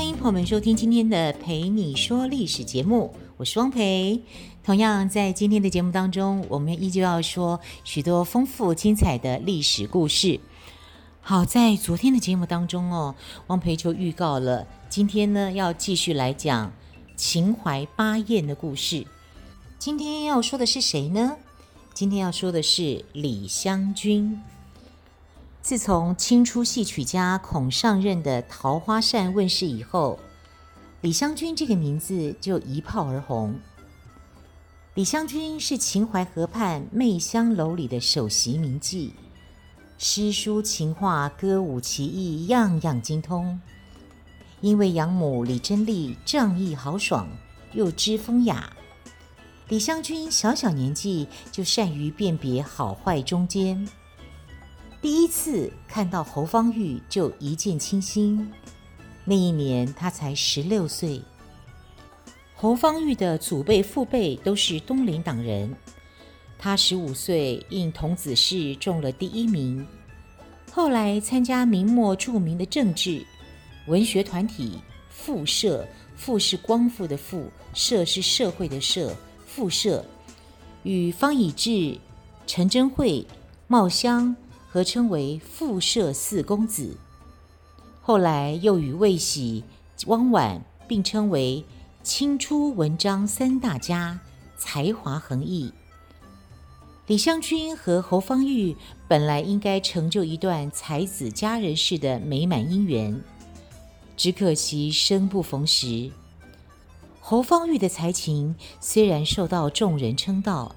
歡迎朋友們收聽今天的《蓓你說歷史》節目，我是汪蓓。同樣在今天的節目當中，我們依舊要說許多豐富精彩的歷史故事。好，在昨天的節目當中哦，汪蓓就預告了今天呢要繼續來講秦淮八艷的故事。今天要說的是誰呢？今天要說的是李香君。自從清初戲曲家孔尚任的《桃花扇》問世以後，李香君這個名字就一炮而紅。李香君是秦淮河畔媚香樓裡的首席名妓，詩書琴畫歌舞棋藝樣樣精通。因為養母李貞麗仗義豪爽又知風雅，李香君小小年紀就善於辨別好壞忠奸。第一次看到侯方域就一見傾心。那一年他才十六歲。侯方域的祖輩父輩都是東林黨人。他十五歲應童子試中了第一名。後來參加明末著名的政治文學團體復社。復是光復的復，社是社會的社。復社與方以智、陳貞慧、冒襄，合稱為“復社四公子”，後來又與魏禧、汪琬並稱為“清初文章三大家”，才華橫溢。李香君和侯方域本來應該成就一段才子佳人式的美滿姻緣，只可惜生不逢時。侯方域的才情雖然受到眾人稱道，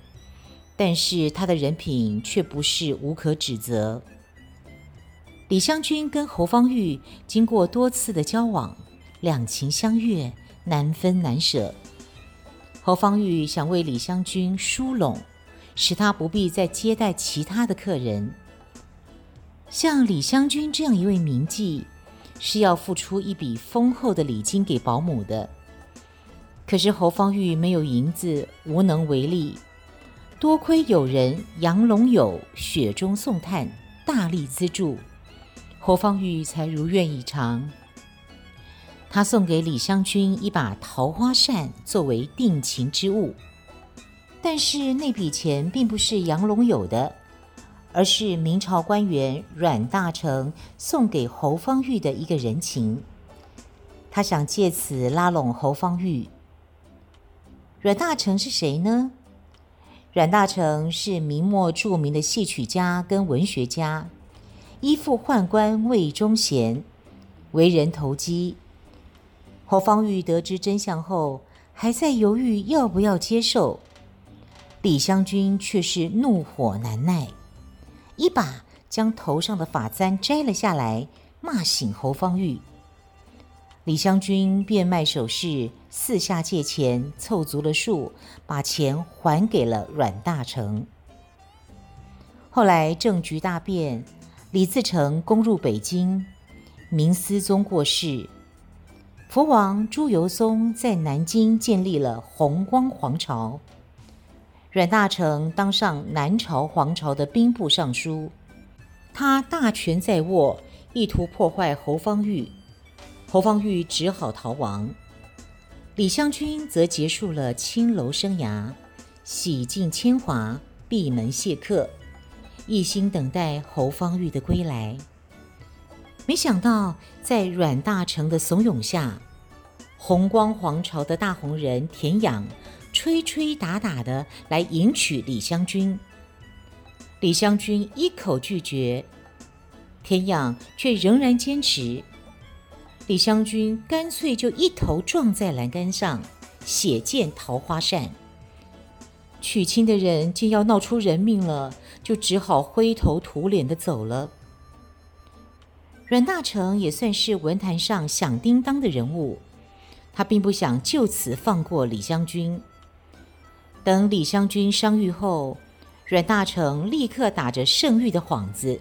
但是他的人品卻不是無可指責。李香君跟侯方域經過多次的交往，兩情相悅，難分難捨。侯方域想為李香君梳攏，使她不必再接待其他的客人。像李香君這樣一位名妓，是要付出一筆豐厚的禮金給保姆的。可是侯方域沒有銀子，無能為力。多虧友人楊龍友雪中送炭，大力資助，侯方域才如願以償。他送給李香君一把桃花扇作為定情之物，但是那筆錢並不是楊龍友的，而是明朝官員阮大鋮送給侯方域的一個人情。他想借此拉攏侯方域。阮大鋮是誰呢？阮大鋮是明末著名的戲曲家跟文學家，依附宦官魏忠賢，為人投機。侯方域得知真相後，還在猶豫要不要接受。李香君卻是怒火難耐，一把將頭上的髮簪摘了下來，罵醒侯方域。李香君變賣首飾，四下借錢，湊足了數，把錢還給了阮大鋮。後來政局大變，李自成攻入北京，明思宗過世，福王朱由崧在南京建立了弘光皇朝，阮大鋮當上南朝皇朝的兵部尚書，他大權在握，意圖破壞侯方域。侯方域只好逃亡，李香君則結束了青樓生涯，洗盡鉛華，閉門謝客，一心等待侯方域的歸來。沒想到，在阮大鋮的慫恿下，弘光皇朝的大紅人田仰吹吹打打的來迎娶李香君，李香君一口拒絕，田仰卻仍然堅持。李香君乾脆就一頭撞在欄杆上，血濺桃花扇。娶親的人竟要鬧出人命了，就只好灰頭土臉地走了。阮大鋮也算是文壇上響叮噹的人物，他並不想就此放過李香君。等李香君傷癒後，阮大鋮立刻打着聖諭的幌子，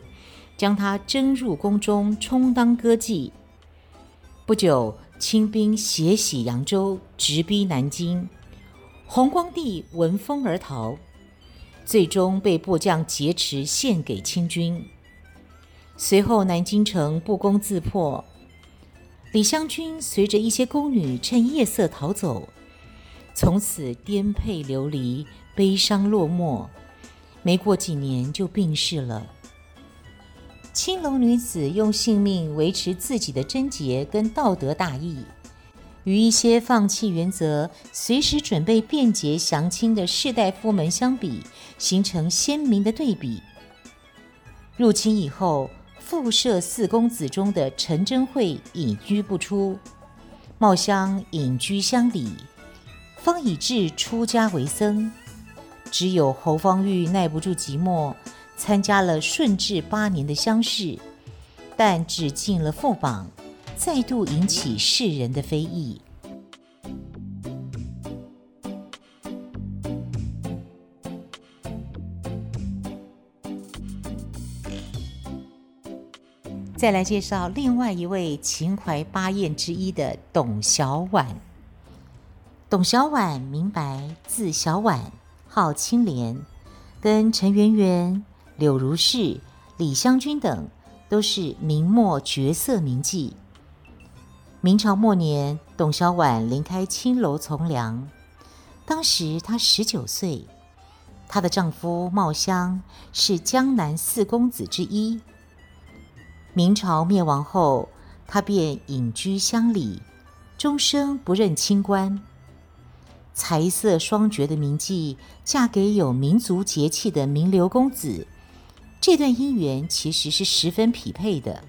將她徵入宮中充當歌妓。不久，清兵血洗揚州，直逼南京。弘光帝聞風而逃，最終被部將劫持獻給清軍。隨後，南京城不攻自破。李香君隨着一些宮女趁夜色逃走，從此顛沛流離，悲傷落寞。沒過幾年，就病逝了。青樓女子用性命維持自己的貞潔跟道德大義，與一些放棄原則、隨時準備變節降清的士大夫們相比，形成鮮明的對比。入清以後，復社四公子中的陳貞慧隱居不出，冒襄隱居鄉里，方以智出家為僧，只有侯方域耐不住寂寞。參加了順治八年的鄉試，但只進了副榜，再度引起世人的非議。再來介紹另外一位秦淮八艷之一的董小宛。董小宛，名白自，字小宛，號青蓮，跟陳圓圓。柳如是、李香君等都是明末絕色名妓。明朝末年，董小宛離開青樓從良，當時她十九歲，她的丈夫冒襄是江南四公子之一。明朝滅亡後，她便隱居鄉里，終生不任清官。才色雙絕的名妓嫁給有民族節氣的名流公子。這段姻緣其實是十分匹配的，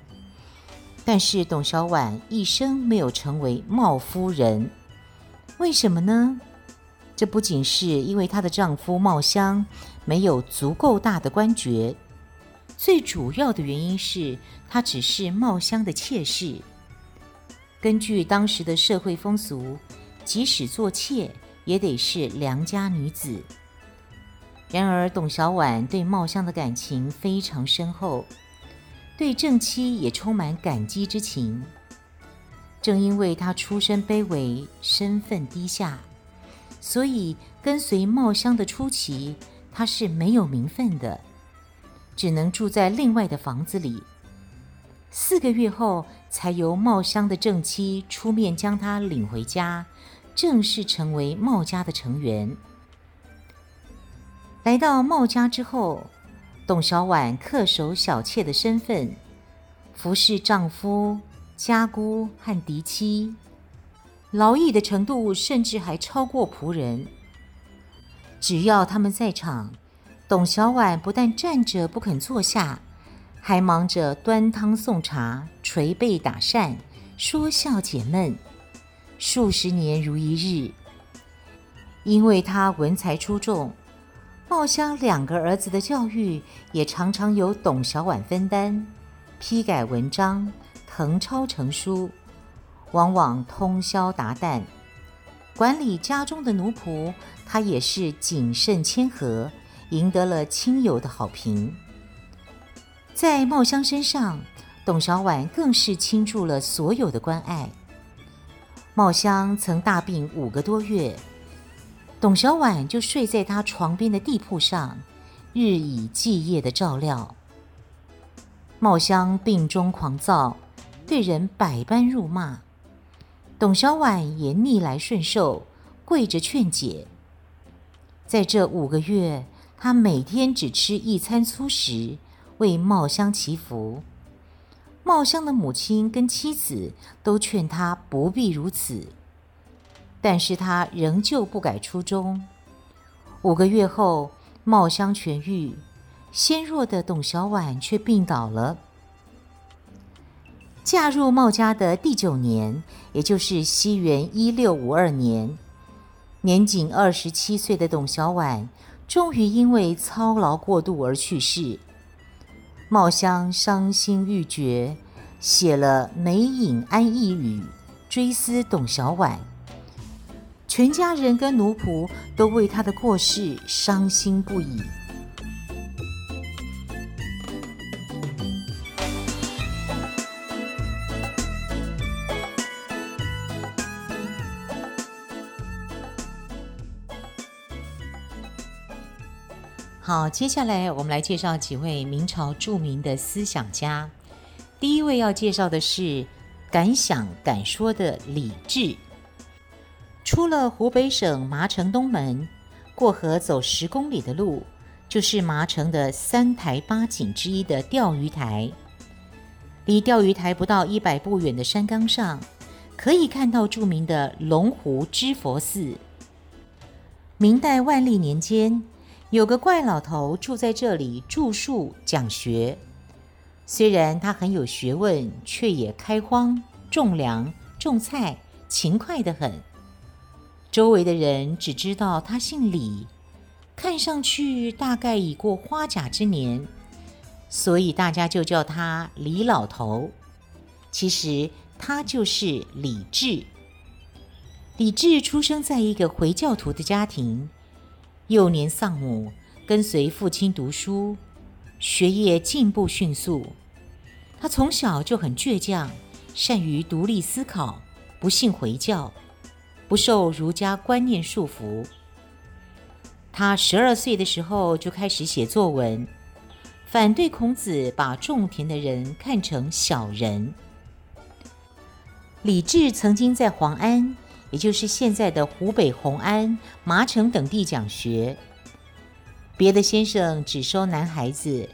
但是董小宛一生沒有成為冒夫人，為什麼呢？這不僅是因為她的丈夫冒襄沒有足夠大的官爵，最主要的原因是她只是冒襄的妾室。根據當時的社會風俗，即使做妾也得是良家女子。然而，董小宛對冒襄的感情非常深厚，對正妻也充滿感激之情。正因為她出身卑微，身份低下，所以跟隨冒襄的初期，她是沒有名分的，只能住在另外的房子裡。四個月後，才由冒襄的正妻出面將她領回家，正式成為冒家的成員。來到冒家之後，董小宛恪守小妾的身份，服侍丈夫、家姑和嫡妻，勞役的程度甚至還超過僕人。只要他們在場，董小宛不但站着不肯坐下，還忙着端湯送茶、捶背打扇、說笑解悶，數十年如一日。因為她文才出眾。冒襄兩個兒子的教育也常常由董小宛分擔，批改文章、謄抄成書，往往通宵達旦。管理家中的奴僕，他也是謹慎謙和，贏得了親友的好評。在冒襄身上，董小宛更是傾注了所有的關愛。冒襄曾大病五個多月。董小宛就睡在他床邊的地鋪上，日以繼夜的照料。茂香病中狂躁，對人百般辱罵，董小宛也逆來順受，跪着勸解。在這五個月，她每天只吃一餐粗食，為茂香祈福。茂香的母親跟妻子都勸她不必如此。但是他仍舊不改初衷。五個月後，冒襄痊癒，纖弱的董小宛卻病倒了。嫁入冒家的第九年，也就是西元一六五二年，年僅二十七歲的董小宛終於因為操勞過度而去世。冒襄傷心欲絕，寫了《影梅庵憶語》，追思董小宛。全家人跟奴僕都為他的過世傷心不已。好，接下來我們來介紹幾位明朝著名的思想家。第一位要介紹的是敢想敢說的李贄。出了湖北省麻城東門，過河走十公里的路，就是麻城的三台八景之一的釣魚台。離釣魚台不到一百步遠的山崗上，可以看到著名的龍湖芝佛寺。明代萬曆年間，有個怪老頭住在這裡著述講學。雖然他很有學問，卻也開荒種糧種菜，勤快得很。周圍的人只知道他姓李，看上去大概已過花甲之年，所以大家就叫他李老頭。其實他就是李贄。李贄出生在一個回教徒的家庭，幼年喪母，跟隨父親讀書，學業進步迅速。他從小就很倔強，善於獨立思考，不信回教。不受儒家觀念束縛，他十二歲的時候就開始寫作文，反對孔子把種田的人看成小人。李贄曾經在黃安，也就是現在的湖北紅安、麻城等地講學，別的先生只收男孩子，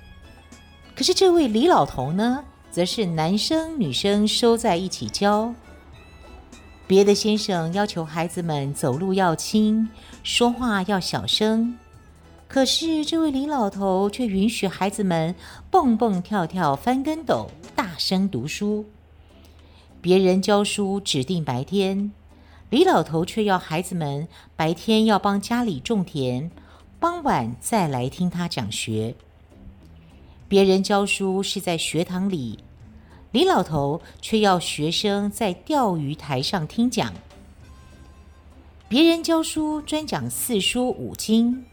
可是這位李老頭呢，則是男生女生收在一起教。別的先生要求孩子們走路要輕，說話要小聲，可是這位李老頭卻允許孩子們蹦蹦跳跳、翻跟斗、大聲讀書。別人教書指定白天，李老頭卻要孩子們白天要幫家裡種田，傍晚再來聽他講學。別人教書是在學堂裡。李老頭卻要學生在釣魚台上聽講。別人教書專講四書五經。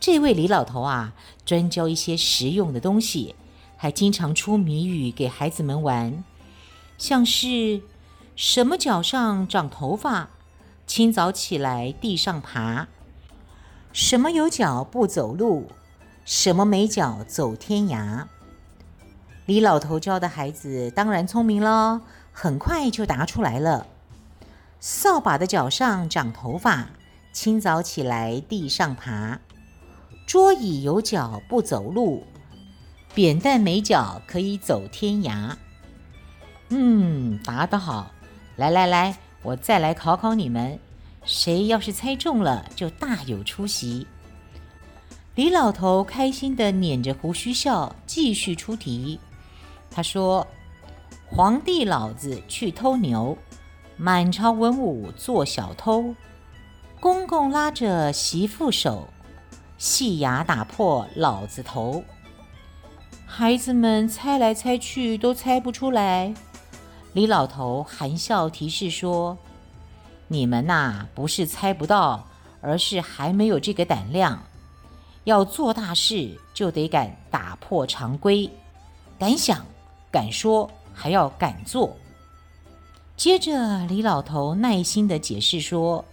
這位李老頭啊，專教一些實用的東西，還經常出謎語給孩子們玩。像是什麼腳上長頭髮，清早起來地上爬；什麼有腳不走路，什麼沒腳走天涯。李老頭教的孩子當然聰明了，很快就答出來了。掃把的腳上長頭髮，清早起來地上爬。桌椅有腳不走路，扁擔沒腳可以走天涯。嗯，答得好！來來來，我再來考考你們，誰要是猜中了，就大有出息。李老頭開心地捻着鬍鬚笑，繼續出題。他說：“皇帝老子去偷牛，滿朝文武做小偷，公公拉着媳婦手，細牙打破老子頭。孩子們猜來猜去都猜不出來。”李老頭含笑提示說：“你們吶、啊，不是猜不到，而是還沒有這個膽量。要做大事，就得敢打破常規，敢想。”敢說還要敢做。接着，李老頭耐心地解釋說：“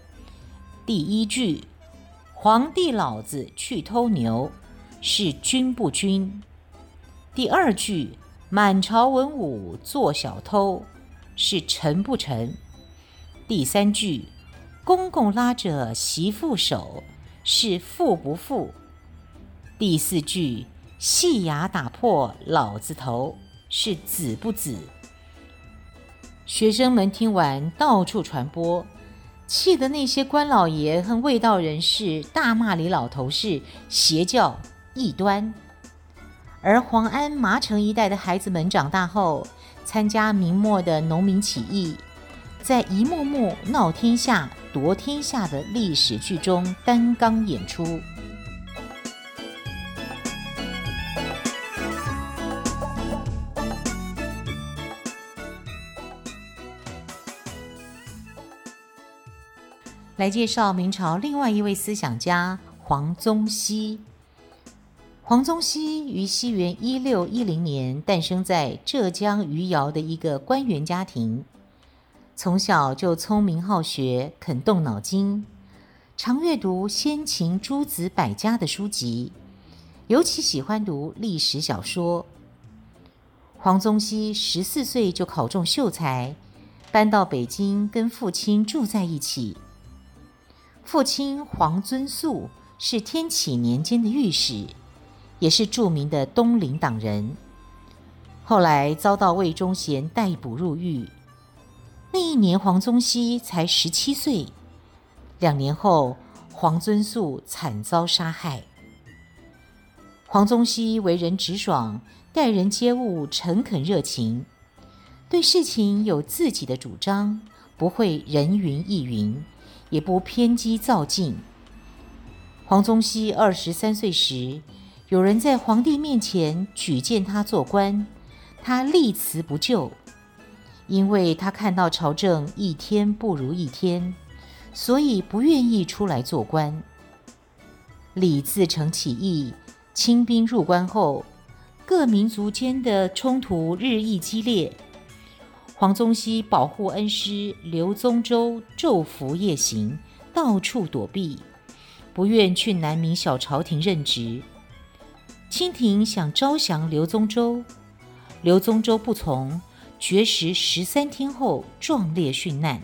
第一句，皇帝老子去偷牛，是君不君；第二句，滿朝文武做小偷，是臣不臣；第三句，公公拉着媳婦手，是父不父。第四句，細牙打破老子頭。”是子不子，學生們聽完到處傳播，氣得那些官老爺和衛道人士大罵李老頭是邪教異端。而黃安麻城一帶的孩子們長大後，參加明末的農民起義，在一幕幕鬧天下、奪天下的歷史劇中擔綱演出。來介紹明朝另外一位思想家黃宗羲。黃宗羲於西元一六一零年誕生在浙江餘姚的一個官員家庭，從小就聰明好學，肯動腦筋，常閱讀先秦諸子百家的書籍，尤其喜歡讀歷史小說。黃宗羲十四歲就考中秀才，搬到北京跟父親住在一起。父親黃尊素是天啟年間的御史，也是著名的東林黨人。後來遭到魏忠賢逮捕入獄，那一年黃宗羲才十七歲。兩年後，黃尊素慘遭殺害。黃宗羲為人直爽，待人接物誠懇熱情，對事情有自己的主張，不會人云亦云。也不偏激躁進。黃宗羲二十三歲時，有人在皇帝面前舉薦他做官，他力辭不就，因為他看到朝政一天不如一天，所以不願意出來做官。李自成起義，清兵入關後，各民族間的衝突日益激烈。黃宗羲保護恩師劉宗周，晝伏夜行，到處躲避，不願去南明小朝廷任職。清廷想招降劉宗周，劉宗周不從，絕食十三天後壯烈殉難。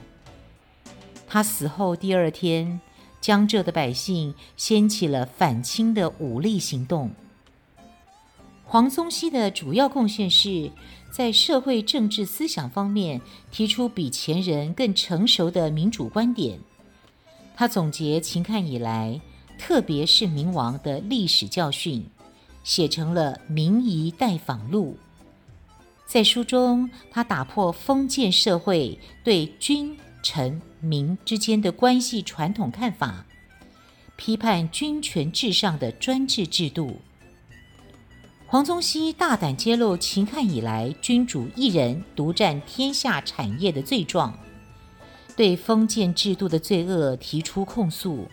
他死後第二天，江浙的百姓掀起了反清的武力行動。黃宗羲的主要貢獻是在社會政治思想方面提出比前人更成熟的民主觀點。他總結秦漢以來，特別是明亡的歷史教訓，寫成了《明夷待訪錄》。在書中，他打破封建社會對君臣民之間的關係傳統看法，批判君權至上的專制制度。黃宗羲大膽揭露秦漢以來君主一人獨佔天下產業的罪狀，對封建制度的罪惡提出控訴。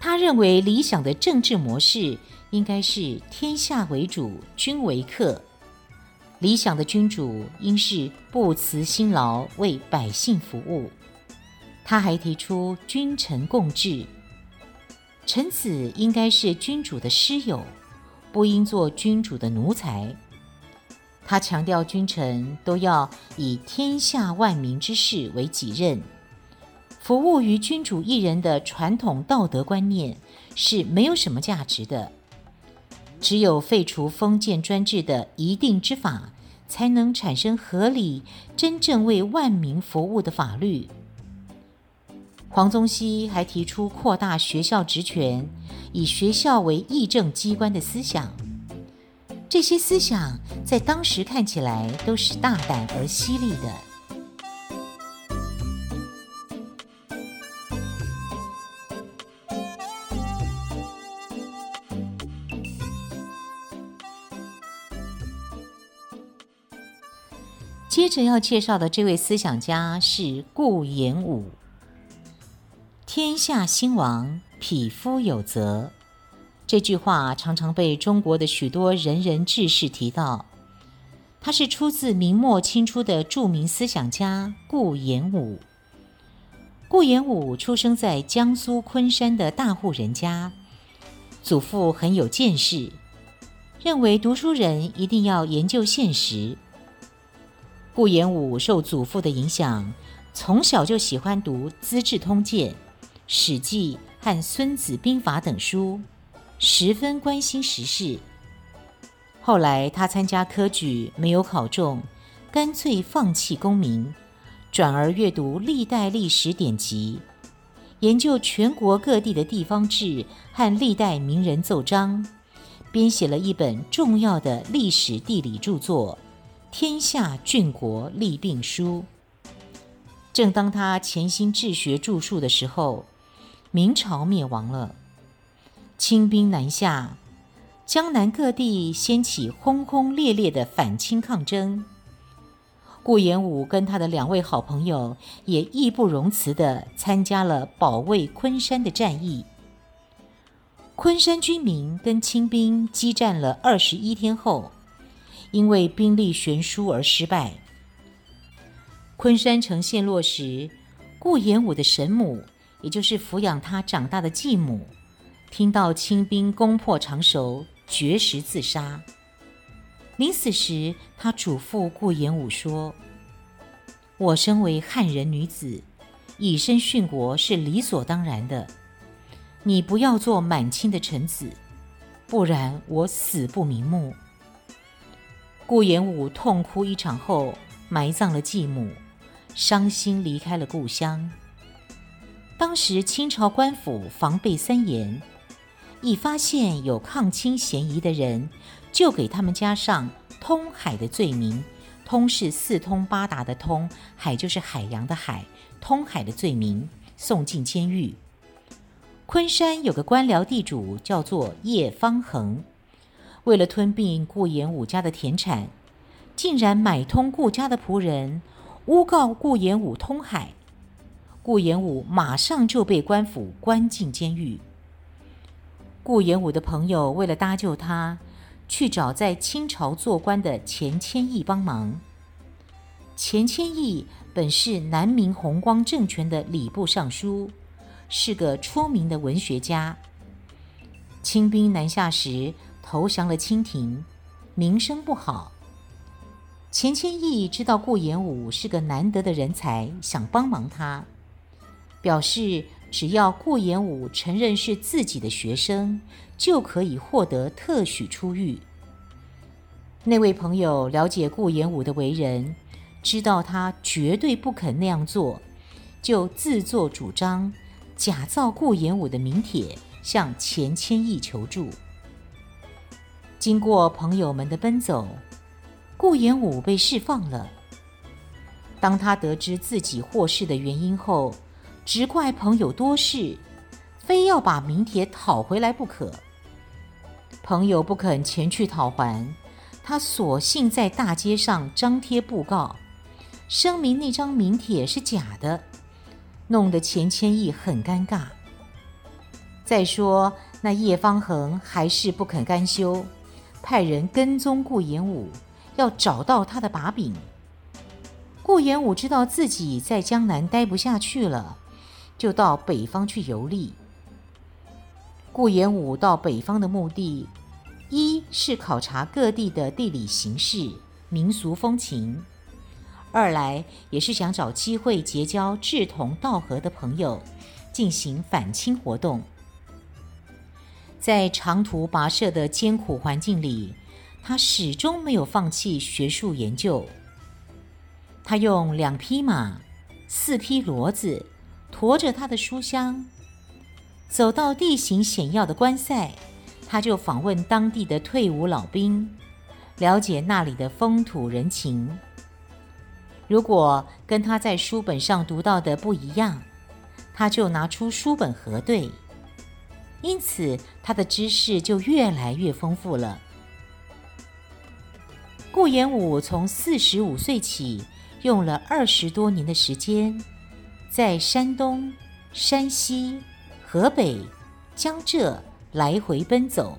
他認為理想的政治模式應該是天下為主，君為客。理想的君主應是不辭辛勞為百姓服務。他還提出君臣共治，臣子應該是君主的師友。不應做君主的奴才。他強調，君臣都要以天下萬民之事為己任，服務於君主一人的傳統道德觀念是沒有什麼價值的。只有廢除封建專制的一定之法，才能產生合理、真正為萬民服務的法律。黃宗羲還提出擴大學校職權，以學校為議政機關的思想。這些思想在當時看起來都是大膽而犀利的。接着要介紹的這位思想家是顧炎武。天下興亡，匹夫有責。這句話常常被中國的許多仁人志士提到。他是出自明末清初的著名思想家顧炎武。顧炎武出生在江蘇昆山的大戶人家，祖父很有見識，認為讀書人一定要研究現實。顧炎武受祖父的影響，從小就喜歡讀《資治通鑑》。《史記》和《孫子兵法》等書，十分關心時事。後來他參加科舉沒有考中，乾脆放棄功名，轉而閱讀歷代歷史典籍，研究全國各地的地方志和歷代名人奏章，編寫了一本重要的歷史地理著作《天下郡國利病書》。正當他潛心治學著述的時候，明朝滅亡了，清兵南下，江南各地掀起轟轟烈烈的反清抗爭。顧炎武跟他的兩位好朋友也義不容辭地參加了保衛昆山的戰役。昆山軍民跟清兵激戰了二十一天後，因為兵力懸殊而失敗。昆山城陷落時，顧炎武的神母，也就是撫養他長大的繼母，聽到清兵攻破常熟，絕食自殺。臨死時，他囑咐顧炎武說：“我身為漢人女子，以身殉國是理所當然的。你不要做滿清的臣子，不然我死不瞑目。”顧炎武痛哭一場後，埋葬了繼母，傷心離開了故鄉。當時清朝官府防備森嚴，一發現有抗清嫌疑的人，就給他們加上“通海”的罪名。“通”是四通八達的“通”，“海”就是海洋的“海”，“通海”的罪名送進監獄。昆山有個官僚地主叫做葉方恆，為了吞併顧炎武家的田產，竟然買通顧家的僕人，誣告顧炎武“通海”。顧炎武馬上就被官府關進監獄。顧炎武的朋友為了搭救他，去找在清朝做官的錢謙益幫忙。錢謙益本是南明弘光政權的禮部尚書，是個出名的文學家。清兵南下時投降了清廷，名聲不好。錢謙益知道顧炎武是個難得的人才，想幫忙他。表示只要顧炎武承認是自己的學生，就可以獲得特許出獄。那位朋友了解顧炎武的為人，知道他絕對不肯那樣做，就自作主張，假造顧炎武的名帖向錢謙益求助。經過朋友們的奔走，顧炎武被釋放了。當他得知自己獲釋的原因後，只怪朋友多事，非要把名帖討回來不可。朋友不肯前去討還，他索性在大街上張貼布告，聲明那張名帖是假的，弄得錢謙益很尷尬。再說那葉方恆還是不肯甘休，派人跟蹤顧炎武，要找到他的把柄。顧炎武知道自己在江南待不下去了。就到北方去遊歷。顧炎武到北方的目的，一是考察各地的地理形勢、民俗風情；二來也是想找機會結交志同道合的朋友，進行反清活動。在長途跋涉的艱苦環境裡，他始終沒有放棄學術研究。他用兩匹馬、四匹騾子。馱着他的書箱，走到地形險要的關塞，他就訪問當地的退伍老兵，了解那裡的風土人情。如果跟他在書本上讀到的不一樣，他就拿出書本核對，因此他的知識就越來越豐富了。顧炎武從四十五歲起，用了二十多年的時間。在山東、山西、河北、江浙來回奔走，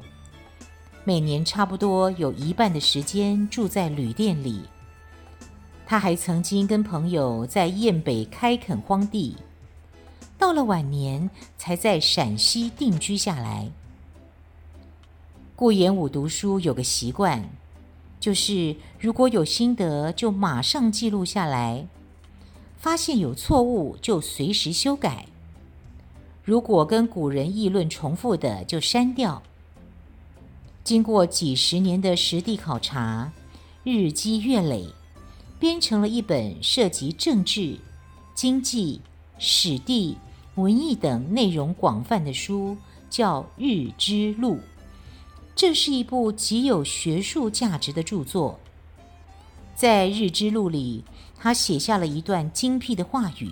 每年差不多有一半的時間住在旅店裡。他還曾經跟朋友在雁北開墾荒地，到了晚年才在陝西定居下來。顧炎武讀書有個習慣，就是如果有心得，就馬上記錄下來。發現有錯誤就隨時修改，如果跟古人議論重複的就刪掉。經過幾十年的實地考察，日積月累，編成了一本涉及政治、經濟、史地、文藝等內容廣泛的書，叫《日知錄》。這是一部極有學術價值的著作。在《日知錄》裡，他寫下了一段精闢的話語，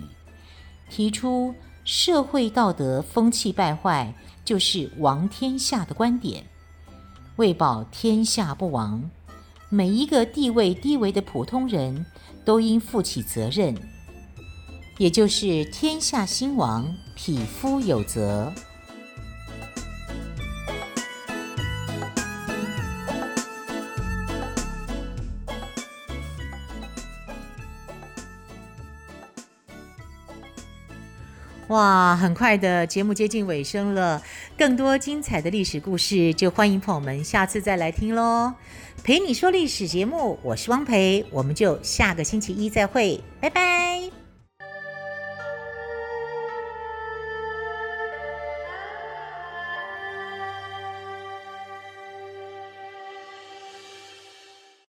提出社會道德風氣敗壞就是亡天下的觀點。為保天下不亡，每一個地位低微的普通人都應負起責任，也就是天下興亡，匹夫有責。哇，很快的節目接近尾聲了，更多精彩的歷史故事就歡迎朋友們下次再來聽嘍！陪你說歷史節目，我是汪蓓，我們就下個星期一再會，拜拜。